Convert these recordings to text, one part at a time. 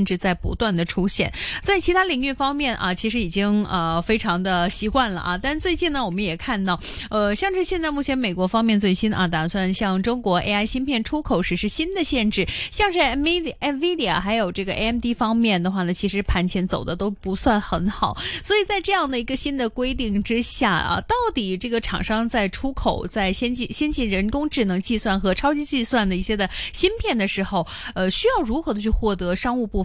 甚至在不斷的出現，在其他領域方面啊，其實已經呃非常的習慣了啊。但最近呢，我們也看到呃，像是現在目前美國方面最新啊，打算向中國 AI 芯片出口實施新的限制，像是 m NVIDIA、還有這個 AMD 方面的話呢，其實盤前走的都不算很好。所以在這樣的一個新的規定之下啊，到底這個廠商在出口在先進先進人工智能計算和超級計算的一些的芯片的時候，呃，需要如何的去獲得商務部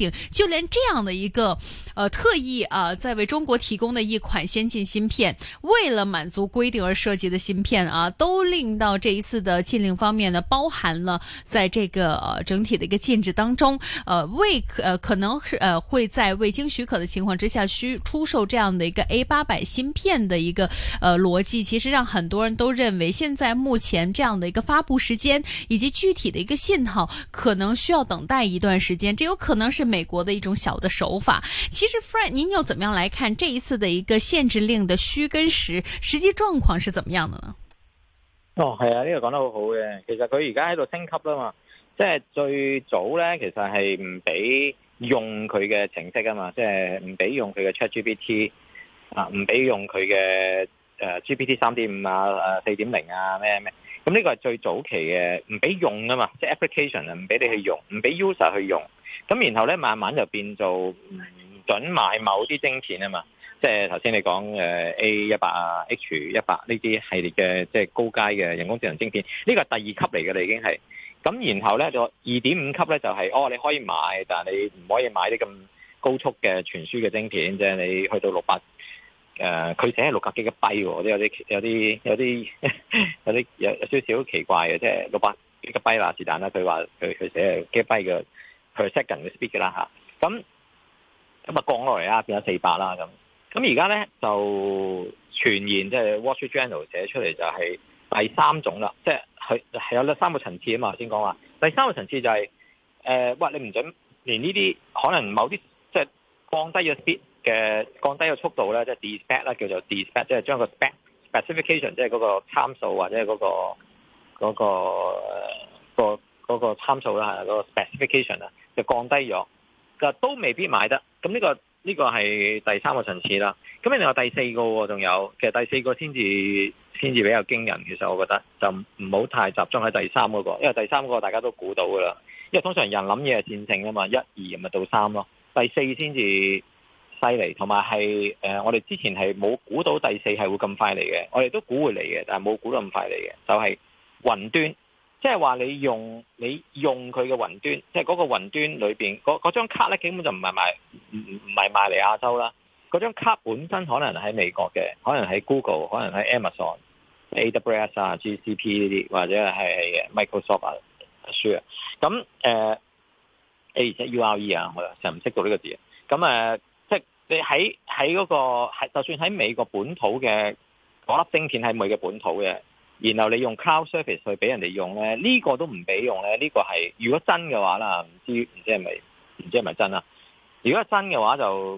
就連這樣的一個，呃，特意啊、呃，在為中國提供的一款先進芯片，為了滿足規定而設計的芯片啊，都令到這一次的禁令方面呢，包含了在這個呃整體的一個禁止當中，呃，未可呃可能是呃會在未經許可的情況之下需出售這樣的一個 A800 芯片的一個呃邏輯，其實讓很多人都認為，現在目前這樣的一個發布時間以及具體的一個信號，可能需要等待一段時間，這有可能是。美國的一種小的手法，其實 Frank，您又怎麼樣來看這一次的一個限制令的虛跟實實際狀況是怎麼樣的呢？哦，係啊，呢個講得好好嘅。其實佢而家喺度升級啦嘛，即係最早咧，其實係唔俾用佢嘅程式啊嘛，即係唔俾用佢嘅 Chat GPT 啊，唔俾用佢嘅誒 GPT 三點五啊，誒四點零啊咩咩，咁呢個係最早期嘅，唔俾用噶嘛，即係 application 啊，唔俾你去用，唔俾 user 去用。咁然後咧，慢慢就變做唔準買某啲晶片啊嘛！即係頭先你講 A 一百啊、H 一百呢啲系列嘅，即係高階嘅人工智能晶片，呢、呢個係第二級嚟嘅你已經係。咁然後咧就二點五級咧就係哦你可以買，但係你唔可以買啲咁高速嘅傳輸嘅晶片，即係你去到六百誒佢寫六百幾個 B 喎，有啲有啲有啲有啲有有少少奇怪嘅，即係六百幾個 B 啦，是但啦，佢話佢佢寫幾個 B 嘅。佢 second 嘅 speed 啦嚇，咁咁啊降落嚟啦，變咗四百啦咁。咁而家咧就傳言即係、就是、Wall Street Journal 寫出嚟就係第三種啦，即係佢係有呢三個層次啊嘛。先講話第三個層次就係、是、誒、呃，哇！你唔准連呢啲可能某啲即係降低咗 speed 嘅降低嘅速度咧，即係 de-spec 啦，c, 叫做 de-spec，即係將個 spec specification 即係嗰個參數或者係、那、嗰個嗰、那個、那個嗰、那個、參數啦，係、那、嗰個 specification 啊。就降低咗，就都未必買得。咁呢個呢個係第三個層次啦。咁另外第四個仲有，其實第四個先至先至比較驚人。其實我覺得就唔好太集中喺第三個，因為第三個大家都估到噶啦。因為通常人諗嘢係線性㗎嘛，一二咪到三咯。第四先至犀利，同埋係誒我哋之前係冇估到第四係會咁快嚟嘅。我哋都估會嚟嘅，但係冇估到咁快嚟嘅，就係雲端。即係話你用你用佢嘅雲端，即係嗰個雲端裏邊，嗰張卡咧，基本就唔係賣唔唔係賣嚟亞洲啦。嗰張卡本身可能喺美國嘅，可能喺 Google，可能喺 Amazon、AWS 啊、GCP 呢啲，或者係 Microsoft 啊、s、呃、u r e 咁誒，A 即係 URE 啊，我成日唔識讀呢個字。咁誒，即、呃、係、就是、你喺喺嗰個就算喺美國本土嘅嗰粒晶片喺美嘅本土嘅？然後你用 Cloud Service 去俾人哋用咧，呢、這個都唔俾用咧，呢、這個係如果真嘅話啦，唔知唔知係咪唔知係咪真啦？如果真嘅話，是是是是話就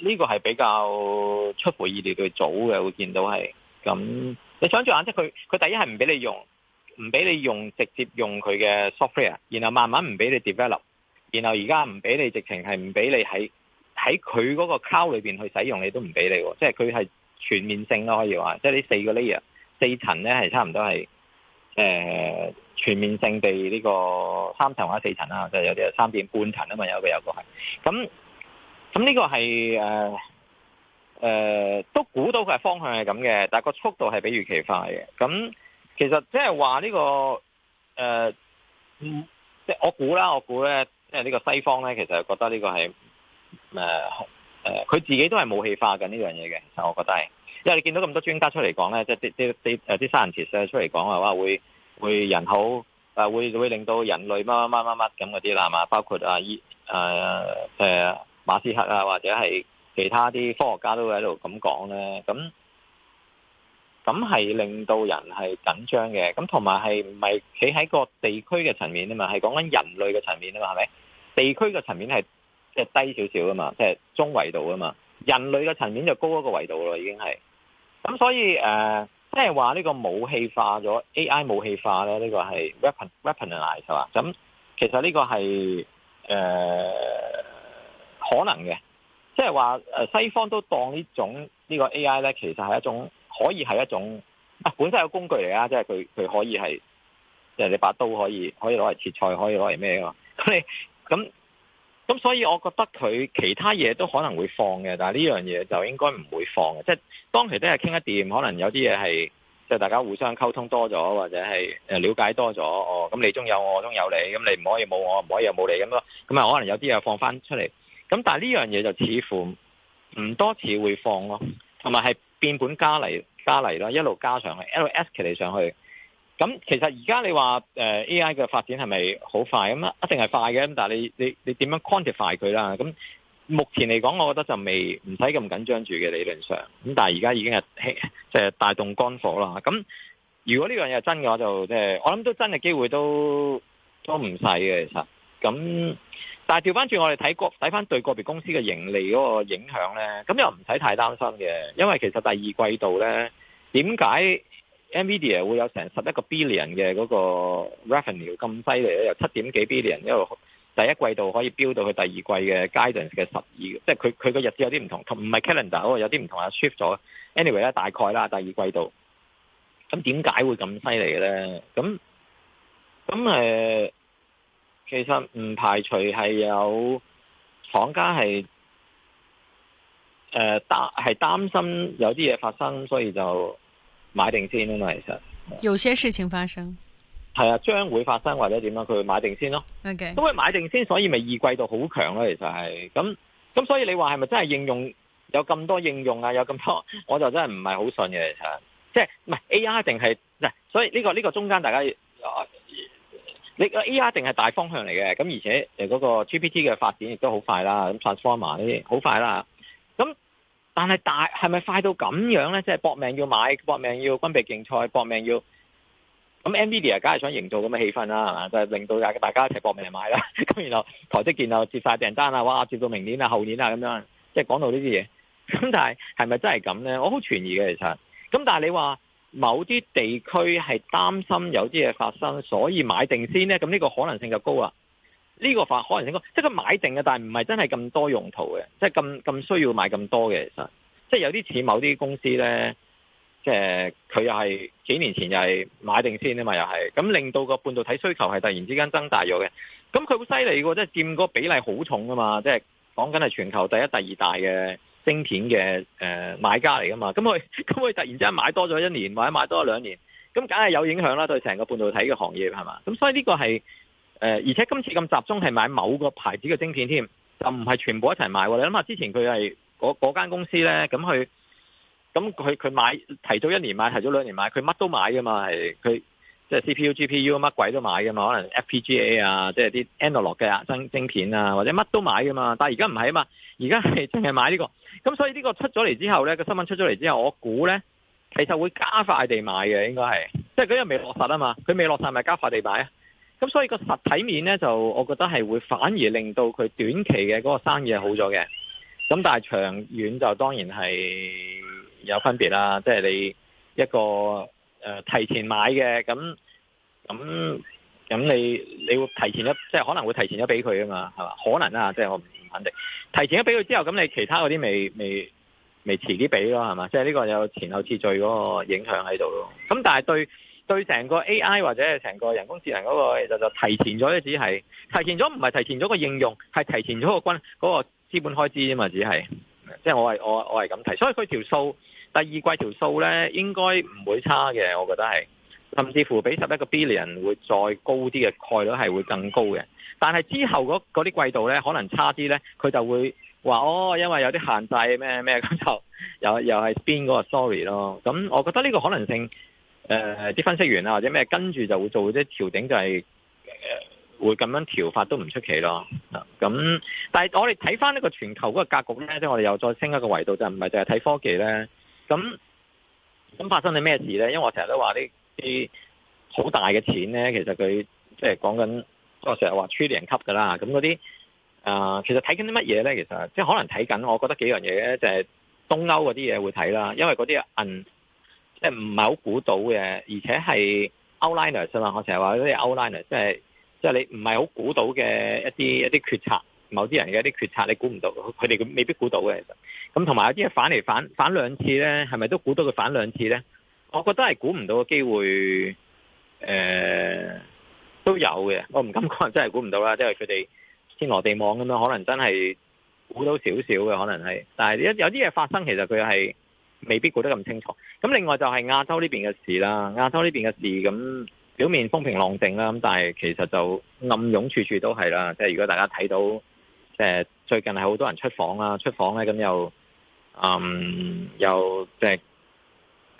呢、這個係比較出乎意料對早嘅會見到係。咁你想住啊，即係佢佢第一係唔俾你用，唔俾你用直接用佢嘅 Software，然後慢慢唔俾你 Develop，然後而家唔俾你直情係唔俾你喺喺佢嗰個 Cloud 裏邊去使用你，你都唔俾你。即係佢係全面性咯，可以話，即係呢四個 Layer。四層咧係差唔多係誒、呃、全面性地呢、呢個三層或者四層啦，就係、有啲三點半層啊嘛，有個有個係咁，咁呢個係誒誒都估到佢係方向係咁嘅，但係個速度係比預期快嘅。咁其實即係話呢個誒、呃，即係我估啦，我估咧，即係呢個西方咧，其實覺得呢個係誒誒，佢、呃呃、自己都係武器化緊呢樣嘢嘅，其實我覺得係。因為你見到咁多專家出嚟講咧，即係啲啲啲誒啲三人詞寫出嚟講話哇，會會人口誒，會會令到人類乜乜乜乜乜咁嗰啲啦嘛，包括啊伊誒誒馬斯克啊，或者係其他啲科學家都喺度咁講咧，咁咁係令到人係緊張嘅。咁同埋係唔係企喺個地區嘅層面啊嘛，係講緊人類嘅層面啊嘛，係咪地區嘅層面係即係低少少啊嘛，即係中維度啊嘛，人類嘅層面就高一個維度咯，已經係。咁所以誒即係話呢個武器化咗 AI 武器化咧，呢、呢個係 weapon weaponize 係嘛？咁其實呢個係誒、呃、可能嘅，即係話誒西方都當呢種呢、呢個 AI 咧，其實係一種可以係一種啊本身係個工具嚟啊，即係佢佢可以係，即、就、係、是、你把刀可以可以攞嚟切菜，可以攞嚟咩啊嘛？咁你咁。咁所以我覺得佢其他嘢都可能會放嘅，但係呢樣嘢就應該唔會放嘅。即係當其時係傾得掂，可能有啲嘢係，即係大家互相溝通多咗，或者係誒瞭解多咗哦。咁你中有我，我中有你，咁你唔可以冇我，唔可以又冇你咁咯。咁啊可能有啲嘢放翻出嚟。咁但係呢樣嘢就似乎唔多次會放咯，同埋係變本加厲加厲咯，一路加上去，escalate 上去。咁其實而家你話誒 AI 嘅發展係咪好快咁啊？一定係快嘅，咁但係你你你點樣 quantify 佢啦？咁目前嚟講，我覺得就未唔使咁緊張住嘅理論上。咁但係而家已經係即係大動肝火啦。咁如果呢樣嘢真嘅話，就即係我諗都真嘅機會都都唔細嘅其實。咁但係調翻轉我哋睇個睇翻對個別公司嘅盈利嗰個影響咧，咁又唔使太擔心嘅，因為其實第二季度咧點解？Nvidia 會有成十一個 billion 嘅嗰個 revenue 咁犀利，由七點幾 billion 一路第一季度可以飆到去第二季嘅 guidance 嘅十二，即係佢佢個日子有啲唔同，同唔係 calendar 喎、哦，有啲唔同啊 shift 咗。Anyway 咧，大概啦第二季度。咁點解會咁犀利咧？咁咁誒，其實唔排除係有廠家係誒係擔心有啲嘢發生，所以就。買定先啊嘛，其實有些事情發生係啊，將會發生或者點樣，佢買定先咯。O K，因為買定先，所以咪二季度好強咯。其實係咁咁，所以你話係咪真係應用有咁多應用啊？有咁多，我就真係唔係好信嘅。其實即係唔係 A I 定係嗱，所以呢個呢個中間大家你個 A I 定係大方向嚟嘅。咁而且誒嗰個 G P T 嘅發展亦都好快啦。咁 Transformer 呢啲好快啦。但係大係咪快到咁樣呢？即係搏命要買，搏命要軍備競賽，搏命要咁。NVIDIA 梗係想營造咁嘅氣氛啦，係嘛？就令到大大家一齊搏命買啦。咁 然後台積電又接晒訂單啦，哇！接到明年啊、後年啊咁樣，即係講到呢啲嘢。咁 但係係咪真係咁呢？我好存疑嘅其實。咁但係你話某啲地區係擔心有啲嘢發生，所以買定先呢？咁呢個可能性就高啦。呢個法可能應該，即係佢買定嘅，但係唔係真係咁多用途嘅，即係咁咁需要買咁多嘅，其實即係有啲似某啲公司咧，即係佢又係幾年前又係買定先啊嘛，又係咁令到個半導體需求係突然之間增大咗嘅，咁佢好犀利喎，即係佔嗰個比例好重㗎嘛，即係講緊係全球第一、第二大嘅晶片嘅誒、呃、買家嚟㗎嘛，咁佢咁佢突然之間買多咗一年或者買多咗兩年，咁梗係有影響啦，對成個半導體嘅行業係嘛，咁所以呢個係。誒，而且今次咁集中係買某個牌子嘅晶片添，就唔係全部一齊買、買。你諗下，之前佢係嗰嗰間公司咧，咁佢，咁佢佢買提早一年買，提早兩年買，佢乜都買噶嘛，係佢即係 C P U G P U 乜鬼都買噶嘛，可能 F P G A 啊，即係啲 a n a l o g 嘅晶晶片啊，或者乜都買噶嘛。但係而家唔係啊嘛，而家係淨係買呢個。咁所以呢個出咗嚟之後咧，個新聞出咗嚟之後，我估咧其實會加快地買嘅，應該係，即係佢又未落實啊嘛，佢未落實咪加快地買啊？咁所以個實體面咧，就我覺得係會反而令到佢短期嘅嗰個生意係好咗嘅。咁但係長遠就當然係有分別啦。即係你一個呃提前買嘅，咁咁咁你你會提前一即係可能會提前咗俾佢啊嘛，係嘛？可能啦、啊，即係我唔肯定。提前咗俾佢之後，咁你其他嗰啲未未未遲啲俾咯，係嘛？即係呢個有前後次序嗰個影響喺度咯。咁但係對。對成個 AI 或者係成個人工智能嗰個，其實就提前咗，只係提前咗，唔係提前咗個應用，係提前咗個軍嗰個資本開支啊嘛，只係，即係我係我我係咁提，所以佢條數第二季條數咧應該唔會差嘅，我覺得係，甚至乎比十一個 billion 會再高啲嘅概率係會更高嘅，但係之後嗰啲季度咧可能差啲咧，佢就會話哦，因為有啲限制咩咩咁就又又係邊個 sorry 咯，咁我覺得呢個可能性。誒啲、呃、分析員啊或者咩跟住就會做啲調整就係、是、誒、呃、會咁樣調法都唔出奇咯。咁但係我哋睇翻呢個全球嗰個格局咧，即係我哋又再升一個維度，就唔係淨係睇科技咧。咁咁發生咗咩事咧？因為我成日都話呢啲好大嘅錢咧，其實佢即係講緊我成日話 trillion 級噶啦。咁嗰啲啊，其實睇緊啲乜嘢咧？其實即係可能睇緊，我覺得幾樣嘢咧，就係、是、東歐嗰啲嘢會睇啦，因為嗰啲銀。即係唔係好估到嘅，而且係 outliners 先嘛。我成日話嗰啲 outliners，即係即係你唔係好估到嘅一啲一啲決策，某啲人嘅一啲決策你估唔到，佢哋未必估到嘅。其實咁同埋有啲嘢反嚟反反兩次咧，係咪都估到佢反兩次咧？我覺得係估唔到嘅機會，誒、呃、都有嘅。我唔敢講真係估唔到啦，即係佢哋天羅地網咁樣，可能真係估到少少嘅，可能係。但係有有啲嘢發生，其實佢係。未必估得咁清楚。咁另外就係亞洲呢邊嘅事啦，亞洲呢邊嘅事咁表面風平浪靜啦，咁但係其實就暗湧處處都係啦。即係如果大家睇到，即係最近係好多人出訪啦，出訪咧咁又，嗯，又即係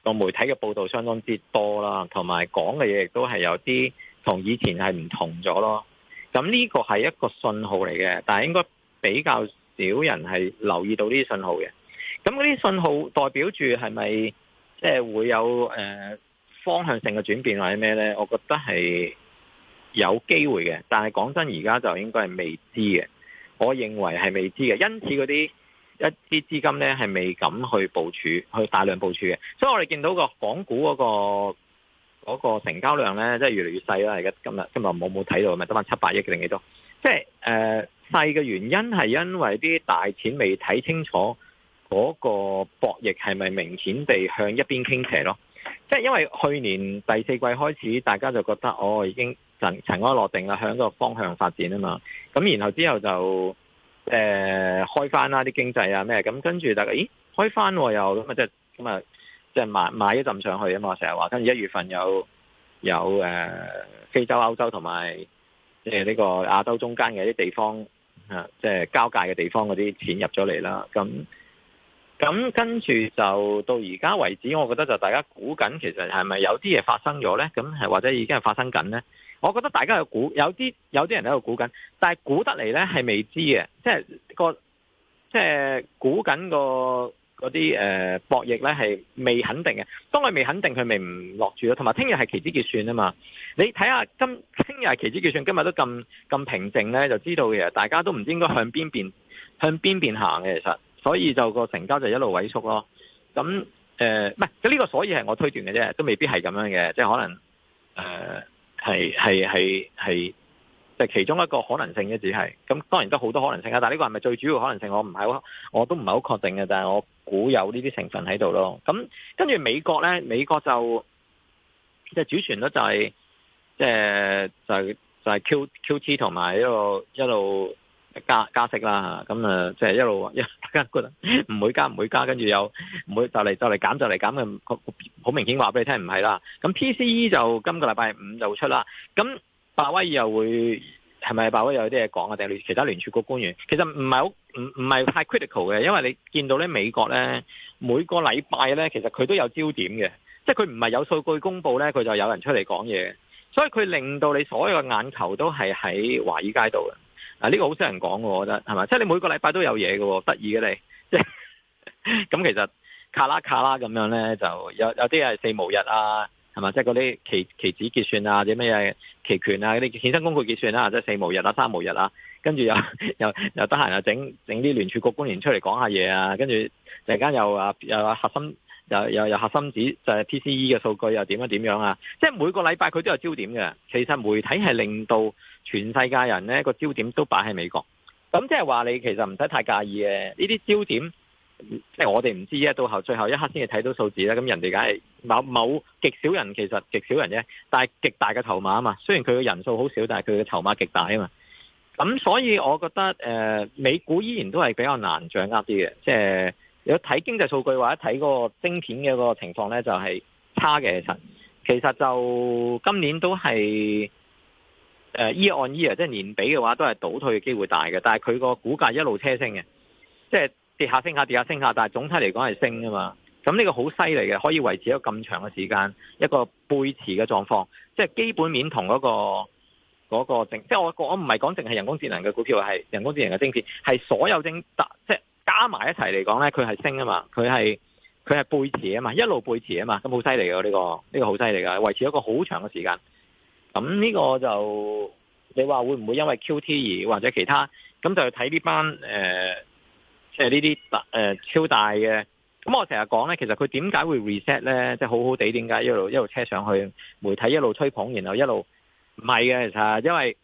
個媒體嘅報道相當之多啦，同埋講嘅嘢，亦都係有啲同以前係唔同咗咯。咁呢個係一個信號嚟嘅，但係應該比較少人係留意到呢啲信號嘅。咁嗰啲信號代表住係咪即係會有誒、呃、方向性嘅轉變或者咩呢？我覺得係有機會嘅，但係講真，而家就應該係未知嘅。我認為係未知嘅，因此嗰啲一啲資金呢，係未敢去部署，去大量部署嘅。所以我哋見到個港股嗰、嗰個嗰個成交量呢，即係越嚟越細啦。而家今日今日冇冇睇到，咪得翻七八億定幾多？即係細嘅原因係因為啲大錢未睇清楚。嗰個博弈係咪明顯地向一邊傾斜咯？即係因為去年第四季開始，大家就覺得哦，我已經塵塵埃落定啦，向個方向發展啊嘛。咁然後之後就誒開翻啦，啲經濟啊咩咁，跟住大家咦開翻喎，又咁啊，即係咁啊，即係買買一陣上去啊嘛，成日話跟住一月份有有誒非洲、歐洲同埋即係呢個亞洲中間嘅啲地方啊，即係交界嘅地方嗰啲錢入咗嚟啦，咁。咁跟住就到而家為止，我覺得就大家估緊，其實係咪有啲嘢發生咗呢？咁係或者已經係發生緊呢？我覺得大家有估有啲有啲人都喺度估緊，但係估得嚟呢係未知嘅，即係個即係估緊個嗰啲誒博弈呢係未肯定嘅。當佢未肯定，佢未唔落住咯。同埋聽日係期指結算啊嘛，你睇下今聽日期指結算，今日都咁咁平靜呢，就知道嘅。大家都唔知應該向邊邊向邊邊行嘅其實。所以就個成交就一路萎縮咯。咁誒唔係，即、呃、呢、呢個所以係我推斷嘅啫，都未必係咁樣嘅，即係可能誒係係係係，即、呃、係、就係、其中一個可能性啫，只係咁。當然都好多可能性啊，但係呢個係咪最主要的可能性？我唔係好，我都唔係好確定嘅，但係我估有呢啲成分喺度咯。咁跟住美國咧，美國就就主旋律就係即係就係、是、就係、是就是、QQT 同埋一路一路。一路加加息啦，咁、嗯、啊，即、就、係、是、一路，大家覺得唔會加唔會加，跟住又唔會就嚟就嚟減就嚟減嘅，好明顯話俾你聽唔係啦。咁 PCE 就今個禮拜五就出啦。咁鮑威爾又會係咪鮑威爾又有啲嘢講啊？定係其他聯儲局官員？其實唔係好唔唔係太 critical 嘅，因為你見到咧美國咧每個禮拜咧，其實佢都有焦點嘅，即係佢唔係有數據公布咧，佢就有人出嚟講嘢，所以佢令到你所有嘅眼球都係喺華爾街度嘅。啊！呢、這個好少人講喎，我覺得係咪？即係你每個禮拜都有嘢嘅喎，得意嘅你，即係咁其實卡啦卡啦咁樣咧，就有有啲係四巫日啊，係咪？即係嗰啲期期指結算啊，或者咩嘢期權啊嗰啲衍生工具結算啊，即係四巫日啊、三巫日啊，跟住又又又得閒又整整啲聯儲局官員出嚟講下嘢啊，跟住突然間又啊又核心。又又又核心指就係、是、PCE 嘅數據又點樣點樣啊！即係每個禮拜佢都有焦點嘅。其實媒體係令到全世界人呢個焦點都擺喺美國。咁即係話你其實唔使太介意嘅呢啲焦點。即係我哋唔知啊，到後最後一刻先至睇到數字咧。咁人哋梗係某某，某極少人，其實極少人啫。但係極大嘅籌碼啊嘛。雖然佢嘅人數好少，但係佢嘅籌碼極大啊嘛。咁所以我覺得誒、呃，美股依然都係比較難掌握啲嘅，即係。如果睇經濟數據話，睇嗰個晶片嘅嗰個情況咧，就係差嘅。其實其實就今年都係誒 year on year，即係年比嘅話，都係倒退嘅機會大嘅。但係佢個股價一路車升嘅，即係跌下升下跌下升下，但係總體嚟講係升㗎嘛。咁呢個好犀利嘅，可以維持一個咁長嘅時間一個背馳嘅狀況，即係基本面同嗰個嗰個晶，即係我我唔係講淨係人工智能嘅股票，係人工智能嘅晶片，係所有晶即係。加埋一齊嚟講呢，佢係升啊嘛，佢係佢係背馳啊嘛，一路背馳啊嘛，咁好犀利嘅呢個，呢個好犀利㗎，維持一個好長嘅時間。咁呢個就你話會唔會因為 QT 二或者其他？咁就睇呢班誒，即係呢啲超大嘅。咁我成日講呢，其實佢點解會 reset 呢？即係好好地點解一路一路車上去，媒體一路吹捧，然後一路唔係嘅其實，因為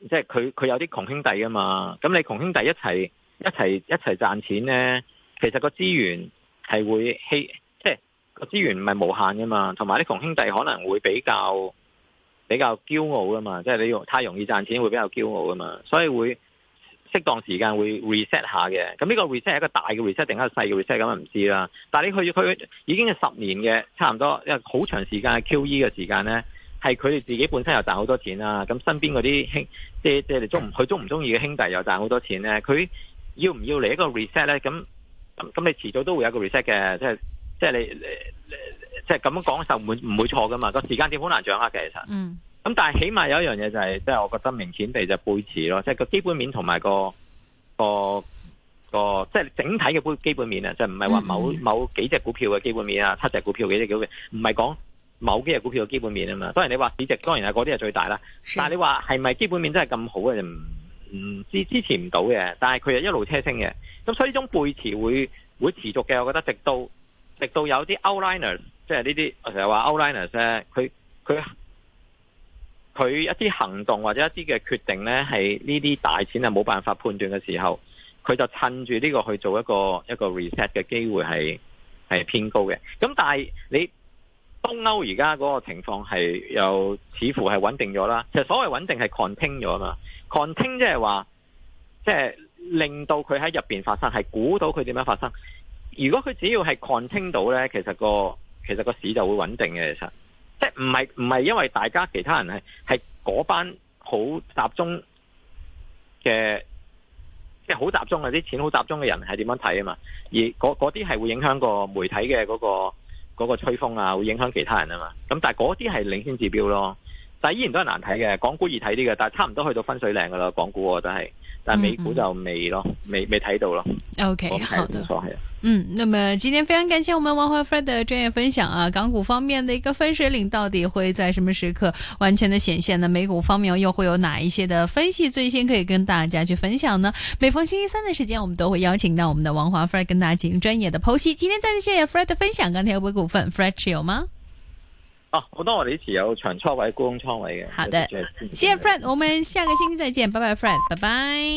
即係佢佢有啲窮兄弟啊嘛。咁你窮兄弟一齊。一齊一齊賺錢呢，其實個資源係會稀，即係個資源唔係無限噶嘛。你同埋啲窮兄弟可能會比較比較驕傲噶嘛，即係你太容易賺錢會比較驕傲噶嘛，所以會適當時間會 reset 下嘅。咁呢個 reset 係一個大嘅 reset 定一個細嘅 reset 咁就唔知啦。但係你去佢已經係十年嘅，差唔多因為好長時間嘅 QE 嘅時間呢，係佢哋自己本身又賺好多錢啦、啊。咁身邊嗰啲兄，即係你中唔佢中唔中意嘅兄弟又賺好多錢呢，佢。要唔要嚟一個 reset 咧？咁咁你遲早都會有個 reset 嘅，即係即係你即係咁樣講受，唔唔會錯噶嘛？個時間點好難掌握嘅其實。嗯。咁但係起碼有一樣嘢就係，即係我覺得明顯地就背馳咯，即係個基本面同埋個個個即係整體嘅基本面啊，即係唔係話某嗯嗯某幾隻股票嘅基本面啊，七隻股票幾隻股票，唔係講某幾隻股票嘅基本面啊嘛。當然你話市值，當然係嗰啲係最大啦。是。但係你話係咪基本面真係咁好咧？就唔。唔支支持唔到嘅，但係佢又一路車升嘅，咁所以呢種背持會，會持續嘅，我覺得直到直到有啲 outliners 即係呢啲我成日話 outliners 咧，佢佢佢一啲行動或者一啲嘅決定咧，係呢啲大錢係冇辦法判斷嘅時候，佢就趁住呢個去做一個一個 reset 嘅機會係係偏高嘅，咁但係你。東歐而家嗰個情況係又似乎係穩定咗啦。其實所謂穩定係 contain 咗嘛 contain 即係話即係令到佢喺入面發生，係估到佢點樣發生。如果佢只要係 contain 到呢，其實個其實個市就會穩定嘅。其實即係唔係唔係因為大家其他人係係嗰班好集中嘅，即係好集中嘅啲錢好集中嘅人係點樣睇啊嘛？而嗰嗰啲係會影響個媒體嘅嗰、那個。嗰個吹風啊，會影響其他人啊嘛，咁但係嗰啲係領先指標咯，但係依然都係難睇嘅，港股易睇啲嘅，但係差唔多去到分水嶺噶啦，港股我都係。但美股就未咯，未未睇到咯。O Okay , K，好的。是嗯，那麼今天非常感謝我們王華 Fred 的專業分享啊，港股方面的一個分水嶺到底會在什麼時刻完全的顯現呢？美股方面又會有哪一些的分析最先可以跟大家去分享呢？每逢星期三的時間，我們都會邀請到我們的王華 Fred 跟大家進行專業的剖析。今天再次謝謝 Fred 的分享，鋼鐵股份 Fred 有嗎？哦、啊，我當我呢次有長倉位、沽空倉位嘅。好的，謝謝 Fred 我們下個星期再見，拜拜 Fred 拜拜。